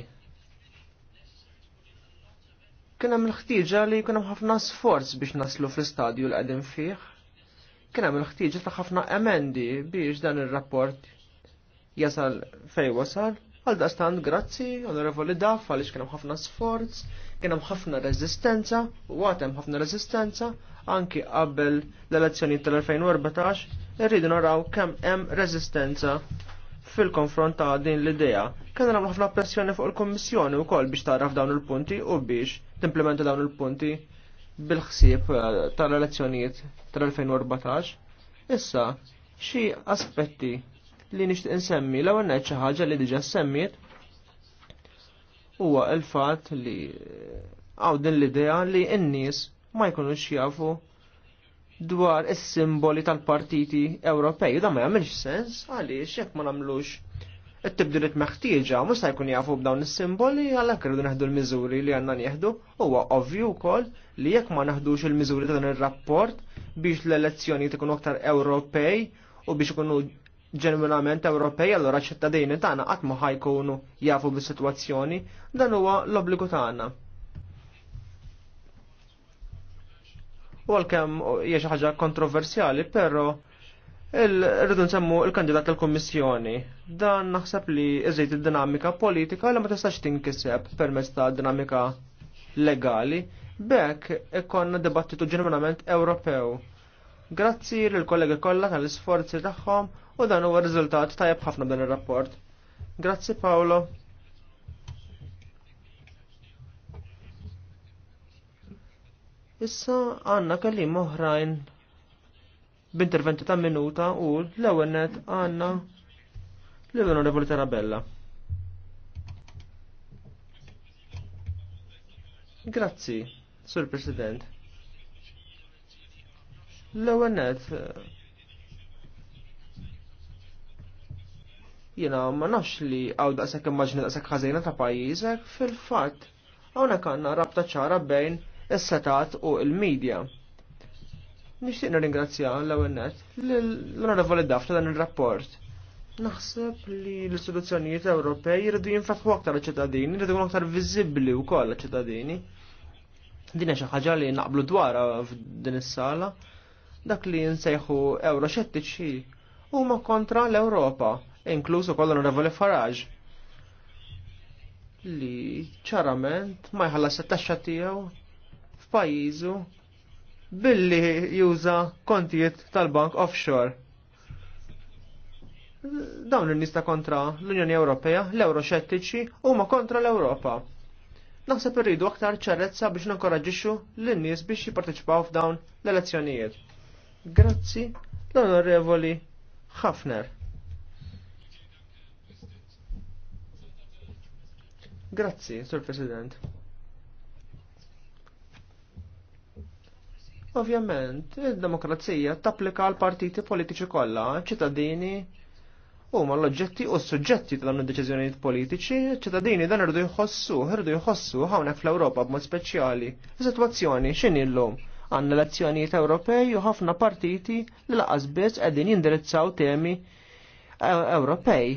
Kien hemm il-ħtieġa li kien hemm ħafna sforz biex naslu fl-istadju l qegħdin fih. Kien hemm il-ħtieġa ta' ħafna emendi biex dan ir-rapport jasal fejn wasal. Għal dastan grazzi, onorevoli Daf, għaliex kien hemm ħafna sforz kien hemm ħafna reżistenza u waqt hemm ħafna reżistenza anki qabel l-elezzjoni tal-2014 irridu naraw kemm hemm reżistenza fil-konfront ta' din l-idea. Kien hemm ħafna pressjoni fuq il-Kummissjoni wkoll biex taraf dawn il-punti u biex timplementa dawn il-punti bil-ħsieb eh, tal-elezzjonijiet tal-2014. Issa, xi aspetti li nixtieq insemmi l-ewwel xi ħaġa li diġà semmiet huwa il-fatt li eh, għaw din l-idea li n-nies ma jkunux jafu dwar is-simboli tal-partiti Ewropej. Da ma jagħmilx sens għaliex jekk ma nagħmlux it-tibdilet meħtieġa mhux se jkun jafu b'dawn is-simboli għalhekk irridu neħdu l-miżuri li għandna nieħdu huwa ovvju wkoll li jekk ma naħdux il-miżuri ta' dan ir-rapport biex l-elezzjoni tkun aktar Ewropej u biex ikunu ġenwinament Ewropej allura ċittadini tagħna qatt ma ħajkunu jafu bis-sitwazzjoni, dan huwa l-obbligu tagħna. U għalkemm hija xi ħaġa kontroversjali, però rridu nsemmu l-kandidat tal-Kummissjoni. Dan naħseb li iżejt id-dinamika politika li ma tistax tinkiseb permezz ta' dinamika legali, bekk ikonna dibattitu ġenwinament Ewropew. Grazzi lill kollegi kollha tal-isforzi tagħhom u dan huwa riżultat tajjeb ħafna dan ir-rapport. Grazzi Paolo. Issa għanna kellim oħrajn b'interventi ta' minuta u l-ewwel net għandna l-Onorevoli Tarabella. Grazzi, Sur President. L-ewwel net Jena ma nafx li għaw daqsak immaġni daqsak ħażina ta' pajjiżek fil-fatt. Hawnhekk għandna rabta ċara bejn is-setat u l-medja. Nixtieq nirringrazzja l-ewwel l-Onorevoli Daf ta' dan ir-rapport. Naħseb li l-istituzzjonijiet Ewropej jridu jinfetħu aktar ċittadini, jridu aktar viżibbli wkoll ċittadini. Din xi ħaġa li naqblu dwara f'din is-sala dak li jinsejħu euroxettiċi huma kontra l-Ewropa inkluż ukoll onorevoli Farage li ċarament ma jħallas it-taxxa tiegħu f'pajjiżu billi juża kontijiet tal-bank offshore. Dawn in-nies kontra l-Unjoni Ewropea, l-Euroxettiċi huma kontra l-Ewropa. Naħseb irridu aktar ċarezza biex nankoraġixxu lin-nies biex jipparteċipaw f'dawn l-elezzjonijiet. Grazzi l-Onorevoli Hafner. Grazzi, Sur President. Ovvjament, id-demokrazija tapplika għal partiti politiċi kollha, ċittadini huma l-oġġetti u s-suġġetti ta' dawn id-deċiżjonijiet politiċi, ċittadini dan irdu jħossu, rridu jħossu hawnhekk fl-Ewropa b'mod speċjali. Is-sitwazzjoni x'inhi llum? Għandna elezzjonijiet Ewropej u ħafna partiti li laqas biss qegħdin jindirizzaw temi e, Ewropej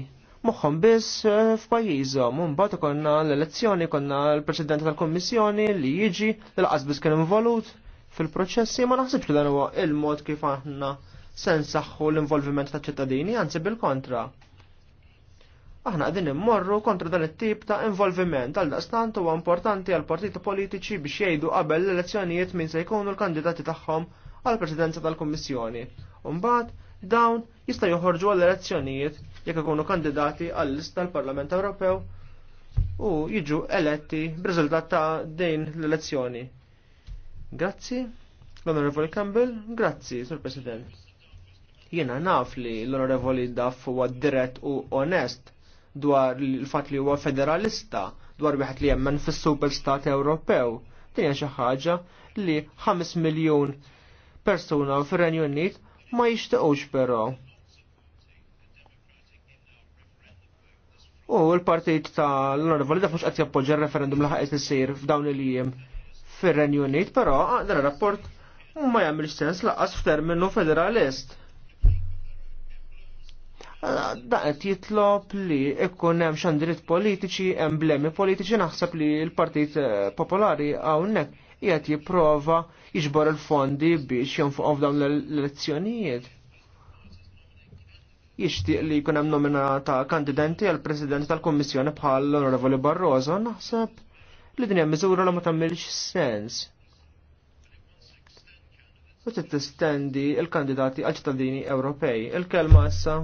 moħħom biss eh, f'pajjiżhom. Mbagħad ikollna l-elezzjoni, konna l-President tal-Kommissjoni li jiġi l qasbis biss kien involut fil-proċessi ma naħsibx li dan huwa il-mod kif aħna se nsaħħu l-involviment taċ ċittadini, anzi bil-kontra. Aħna qegħdin immorru kontra dan it-tip ta' involviment għal daqstant huwa importanti għal partiti politiċi biex jgħidu qabel l-elezzjonijiet min se jkunu l-kandidati tagħhom għal presidenza tal-Kummissjoni. Umbagħad dawn jista' joħorġu għall elezzjonijiet jekk ikunu kandidati għall-lista l-Parlament Ewropew u jiġu eletti b'riżultat ta' din l-elezzjoni. Grazzi, l-Onorevoli Campbell, grazzi, Sur President. Jiena naf li l-Onorevoli Daff huwa dirett u onest dwar il-fat li huwa federalista, dwar wieħed li jemmen fis-superstat Ewropew. Din hija xi ħaġa li 5 miljun persuna fir-Renju Unit ma jixtiequx però U l-partit ta' l-onorevoli da' mux għatja poġġa referendum li ħaqet isir f'dawn il-jiem fir-Renju Unit, però ah, dan rapport ma jagħmel sens laqas f'terminu federalist. Ah, da qed jitlob li ikkun hemm xandiriet politiċi, emblemi politiċi naħseb li l-Partit eh, Popolari hawnhekk qiegħed jipprova jiġbor il-fondi biex jonfoqgħu f'dawn l-elezzjonijiet jixtieq li jkun hemm nomina ta' kandidenti għal President tal-Kummissjoni bħal l-Onorevoli Barroso, naħseb li din mizura miżura ma tammilx sens. U tistendi il-kandidati għal ċittadini Ewropej. Il-kelma issa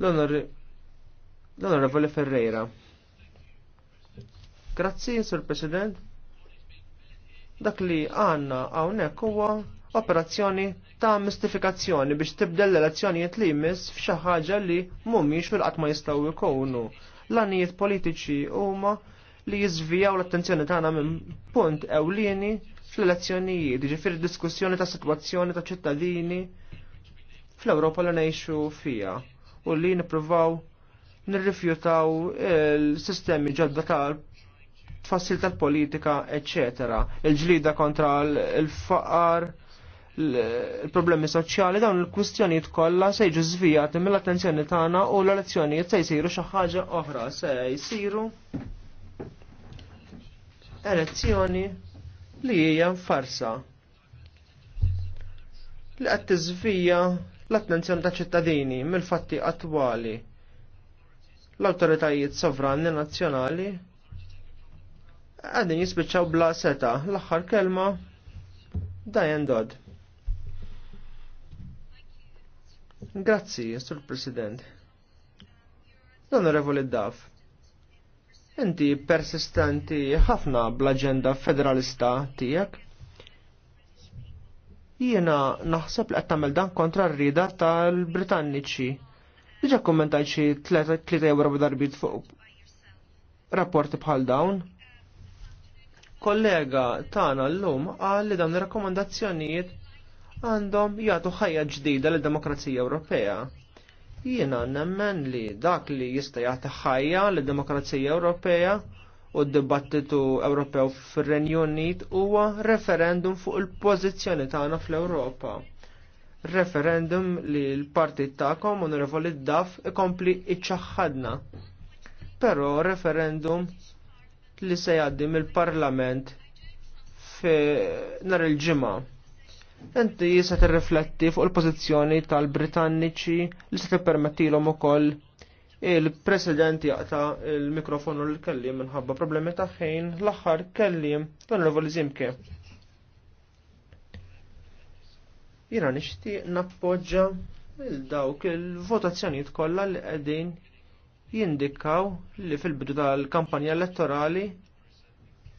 l-Onorevoli Ferreira. Grazzi, Sur President. Dak li għanna għawnek huwa operazzjoni ta' mistifikazzjoni biex tibdel l-elezzjonijiet li jmiss f'xi ħaġa li mhumiex fil-qatt ma jistgħu jkunu. l għanijiet politiċi huma li jiżvijaw l-attenzjoni tagħna minn punt ewlieni fl-elezzjonijiet, ġifieri diskussjoni ta' sitwazzjoni ta' ċittadini fl-Ewropa li ngħixu fija u li nippruvaw nirrifjutaw il-sistemi ġodda tal tfassil tal-politika, eccetera, il-ġlida kontra l-faqar, il-problemi soċjali dawn il-kwistjonijiet kollha se jiġu żvijati mill-attenzjoni tagħna u l-elezzjonijiet se jsiru xi ħaġa oħra se jsiru elezzjoni li hija farsa li qed tiżvija l-attenzjoni ta' ċittadini mill-fatti attwali l-autoritajiet sovrani nazzjonali għadin jisbitċaw bla seta l axar kelma Diane Dodd. Grazzi, Sur President. L-Onorevoli Daf, inti persistenti ħafna bl-agenda federalista tijek? Jiena naħseb li qed tagħmel dan kontra r-rida tal-Britanniċi. Diġà kommentajt xi tlieta jew erba' darbit fuq rapporti bħal dawn. Kollega tagħna llum qal li dawn ir-rakkomandazzjonijiet għandhom jagħtu ħajja ġdida lid demokrazija Ewropea. Jiena nemmen li dak li jista' jagħti ħajja lid demokrazija Ewropea u d-dibattitu Ewropew fir-Renju Unit huwa referendum fuq il-pożizzjoni tagħna fl-Ewropa. Referendum li l-partit tagħkom onorevoli Daf ikompli iċċaħħadna. Però referendum li se jgħaddi mill-Parlament fi nar il-ġimgħa inti se tirrifletti fuq il-pożizzjoni tal-Britanniċi li se tippermettilhom ukoll il-President jaqta il-mikrofonu l kellim minħabba problemi ta' ħin l-aħħar kellim l-Onorevoli Zimke. Jina nixtieq nappoġġa il-dawk il-votazzjonijiet kollha li qegħdin jindikaw li fil-bidu tal-kampanja elettorali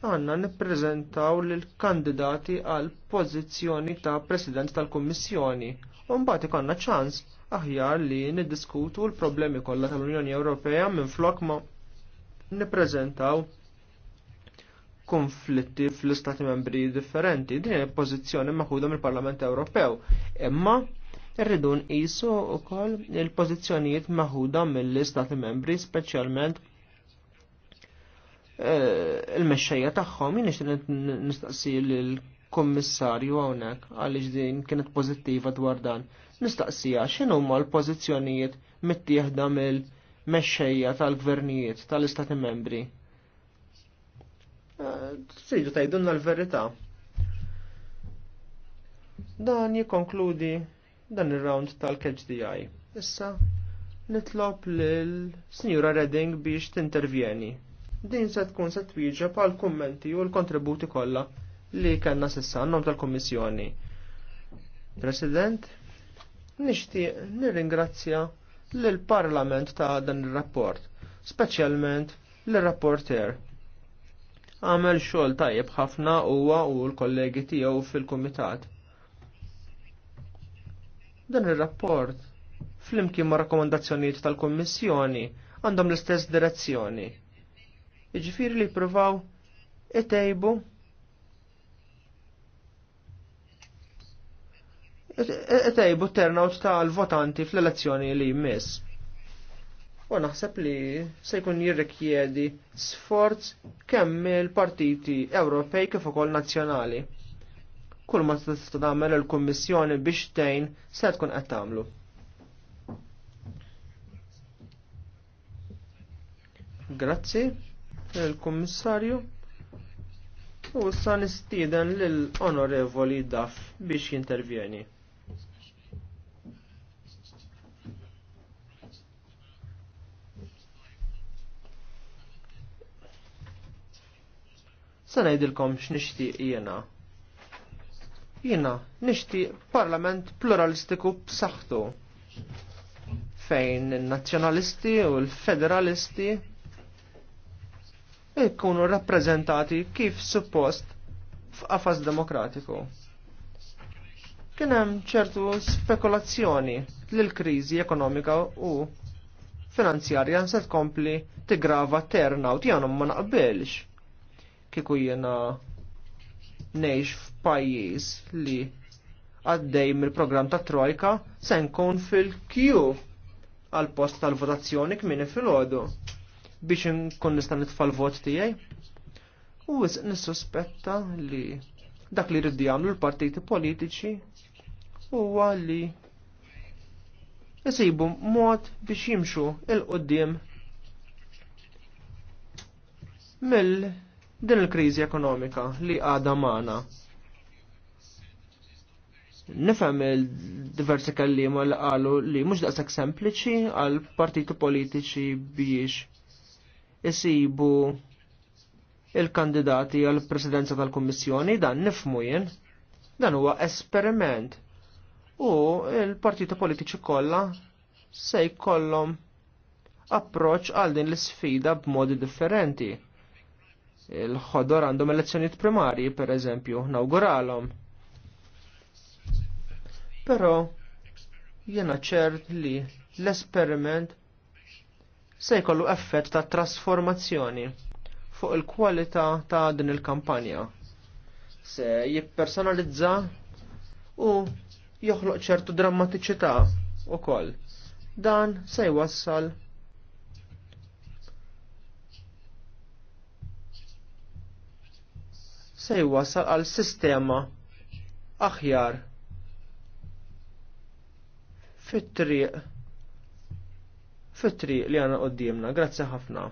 għanna nippreżentaw l kandidati għal pożizzjoni ta' President tal-Kummissjoni. Umbagħad ikonna ċans aħjar li niddiskutu l-problemi kollha tal-Unjoni Ewropea minn flok ma nippreżentaw konflitti fl-istati membri differenti. Din hija pożizzjoni maħuda mill-Parlament Ewropew. Imma rridu nqisu wkoll il-pożizzjonijiet maħuda mill-istati membri speċjalment Eh, il-mexxejja tagħhom jien nixtieq nistaqsi l-kummissarju hawnhekk għaliex din kienet pożittiva dwar dan. Nistaqsija x'inhu huma l-pożizzjonijiet mittieħda mill-mexxejja tal-gvernijiet tal-istati membri. Tridu eh, tgħidulna l-verità. Dan jikkonkludi dan ir-round tal-KHDI. Issa nitlob lil Sinjura Redding biex tintervjeni. Din se tkun se twieġeb pal kummenti u l-kontributi kollha li kellna sissa għannom tal-Kummissjoni. President, nixtieq nirringrazzja lill parlament ta' dan ir-rapport, speċjalment l-rapporter. Għamel xogħol tajjeb ħafna huwa u l-kollegi tiegħu fil-kumitat. Dan ir-rapport flimkien ma' rakkomandazzjonijiet tal-Kummissjoni għandhom l-istess direzzjoni Iġifir li provaw itejbu itejbu turnout tal-votanti fl-elezzjoni li jmiss. U naħseb li se jkun jirrikjedi sforz kemm il-partiti Ewropej kif ukoll nazzjonali. Kull ma tista' tagħmel il-Kummissjoni biex tgħin se tkun qed tagħmlu. Grazzi il-Kummissarju. U issa nistieden lill-Onorevoli Daf biex jintervjeni. Sa ngħidilkom x'nixtieq jiena. Jiena nixtieq parlament pluralistiku b'saħħtu fejn in-nazzjonalisti u l-federalisti ikkunu rappreżentati kif suppost f'qafas demokratiku. Kien hemm ċertu spekulazzjoni li l-kriżi ekonomika u finanzjarja se tkompli tigrava u jgħan ma naqbilx. Kieku jiena ngħix f'pajjiż li għaddej mill-programm ta' Trojka se nkun fil-kju għal post tal-votazzjoni kmini fil-ħodu biex nkun nista' nitfal vot tiegħi. U nissospetta li dak li rridu jagħmlu l-partiti politiċi huwa li isibu mod biex jimxu il-qoddim mill din il-kriżi ekonomika li għadha magħna nifhem il-diversi kellima li qalu li mhux daqshekk sempliċi għal partiti politiċi biex isibu il-kandidati għal presidenza tal-Kommissjoni dan nifmu jien. Dan huwa esperiment. U il-partiti politiċi kollha se jkollhom approċ għal din l-sfida b'modi differenti. Il-ħodor għandhom elezzjonijiet primarji, per eżempju, nawguralhom. Però jiena ċert li l-esperiment se jkollu effett ta' trasformazzjoni fuq il-kwalità ta' din il-kampanja. Se jippersonalizza u joħloq ċertu drammatiċità koll. Dan se jwassal se jwassal għal sistema aħjar fit-triq fit-triq li għana qoddimna. Grazzi ħafna.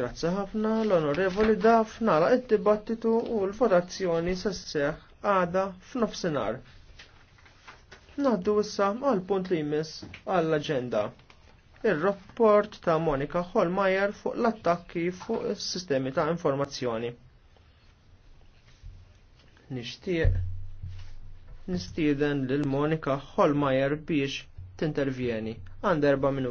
Grazzi ħafna l-onorevoli daf nara id-dibattitu u l-votazzjoni s-seħ għada f'nofsinar. Naddu issa għal punt li jmiss għall-agenda. Il-rapport ta' Monika Holmajer fuq l-attakki fuq is-sistemi ta' informazzjoni. Nixtieq nistieden lil Monika Holmajer biex tintervjeni. Għand erba' minuti.